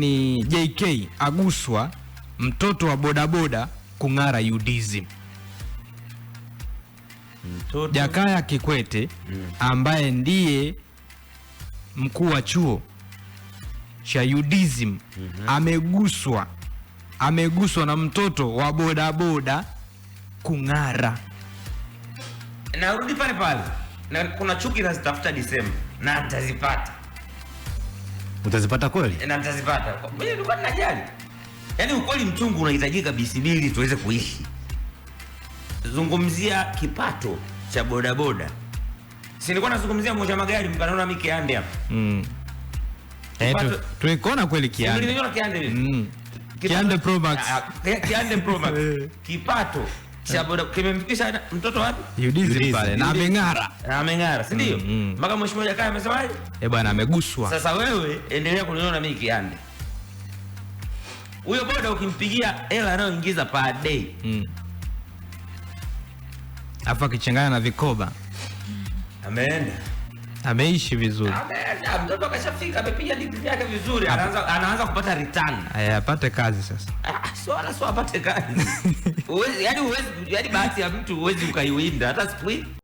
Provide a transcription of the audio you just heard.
Ni JK aguswa mtoto wa bodaboda kung'ara UDSM. Mtoto. Jakaya Kikwete mm. ambaye ndiye mkuu wa chuo cha UDSM mm -hmm. ameguswa ameguswa na mtoto wa bodaboda kung'ara. Narudi pale pale na kuna chuki nazitafuta Disemba na atazipata. Utazipata kweli? Eh, na mtazipata. Mimi nilikuwa ninajali. Yaani ukweli mchungu unahitajika bisibili tuweze kuishi. Zungumzia kipato cha bodaboda. Si nilikuwa nazungumzia mmoja magari mkanaona mimi kiande hapa. Mm. Eh, tuikona kweli kiande. Niliona kiande. Mm. Kiande Pro Max. Ah, kiande Pro Max. Eh. Kipato kimemfikisha mtoto wapi? Yudizi pale na ameng'ara, ameng'ara si ndio? Mpaka mheshimiwa Jakaya amesemaje? Eh bwana, ameguswa. Sasa wewe endelea kuniona mimi kiande. Huyo boda ukimpigia hela anayoingiza per day mm. Afa kichanganya na vikoba ameenda ameishi vizuri, mtoto akashafika, amepiga degree yake vizuri, anaanza kupata return. Aya, eh, apate kazi sasa. Ah, swala apate kazi. yaani uwezi, yaani bahati ya mtu uwezi ukaiwinda hata siku